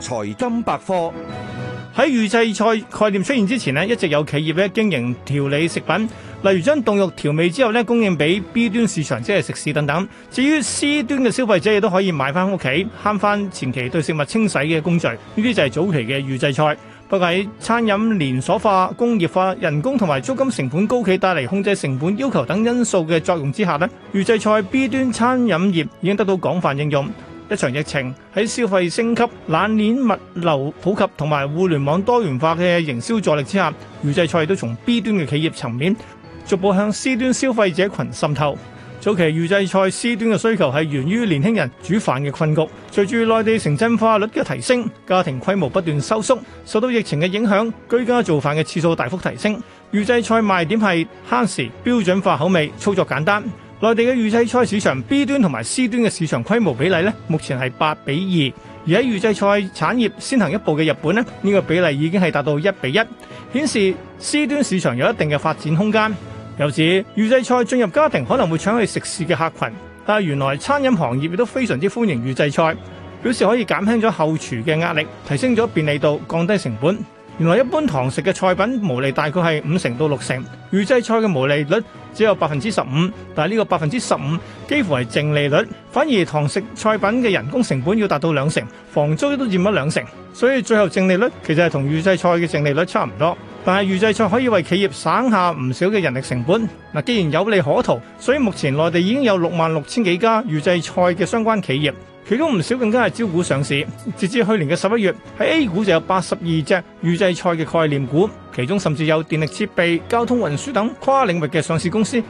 財金百科。喺預製菜概念出現之前咧，一直有企業咧經營調理食品，例如將凍肉調味之後咧供應俾 B 端市場，即係食肆等等。至於 C 端嘅消費者，亦都可以買翻屋企慳翻前期對食物清洗嘅工序。呢啲就係早期嘅預製菜。不過喺餐飲連鎖化、工業化、人工同埋租金成本高企帶嚟控制成本要求等因素嘅作用之下咧，預製菜 B 端餐飲業已經得到廣泛應用。一場疫情喺消費升級、冷鏈物流普及同埋互聯網多元化嘅營銷助力之下，預製菜都從 B 端嘅企業層面逐步向 C 端消費者群滲透。早期預製菜 C 端嘅需求係源於年輕人煮飯嘅困局，隨住內地城鎮化率嘅提升，家庭規模不斷收縮，受到疫情嘅影響，居家做飯嘅次數大幅提升。預製菜賣點係慳時、標準化口味、操作簡單。內地嘅預製菜市場 B 端同埋 C 端嘅市場規模比例咧，目前係八比二。而喺預製菜產業先行一步嘅日本咧，呢個比例已經係達到一比一，顯示 C 端市場有一定嘅發展空間。由此預製菜進入家庭可能會搶去食肆嘅客群，但係原來餐飲行業亦都非常之歡迎預製菜，表示可以減輕咗後廚嘅壓力，提升咗便利度，降低成本。原來一般堂食嘅菜品毛利大概係五成到六成，預製菜嘅毛利率只有百分之十五，但係呢個百分之十五幾乎係淨利率，反而堂食菜品嘅人工成本要達到兩成，房租都佔咗兩成，所以最後淨利率其實係同預製菜嘅淨利率差唔多，但係預製菜可以為企業省下唔少嘅人力成本。嗱，既然有利可圖，所以目前內地已經有六萬六千幾家預製菜嘅相關企業。其中唔少更加係招股上市，截至去年嘅十一月，喺 A 股就有八十二隻預製菜嘅概念股，其中甚至有電力設備、交通運輸等跨領域嘅上市公司。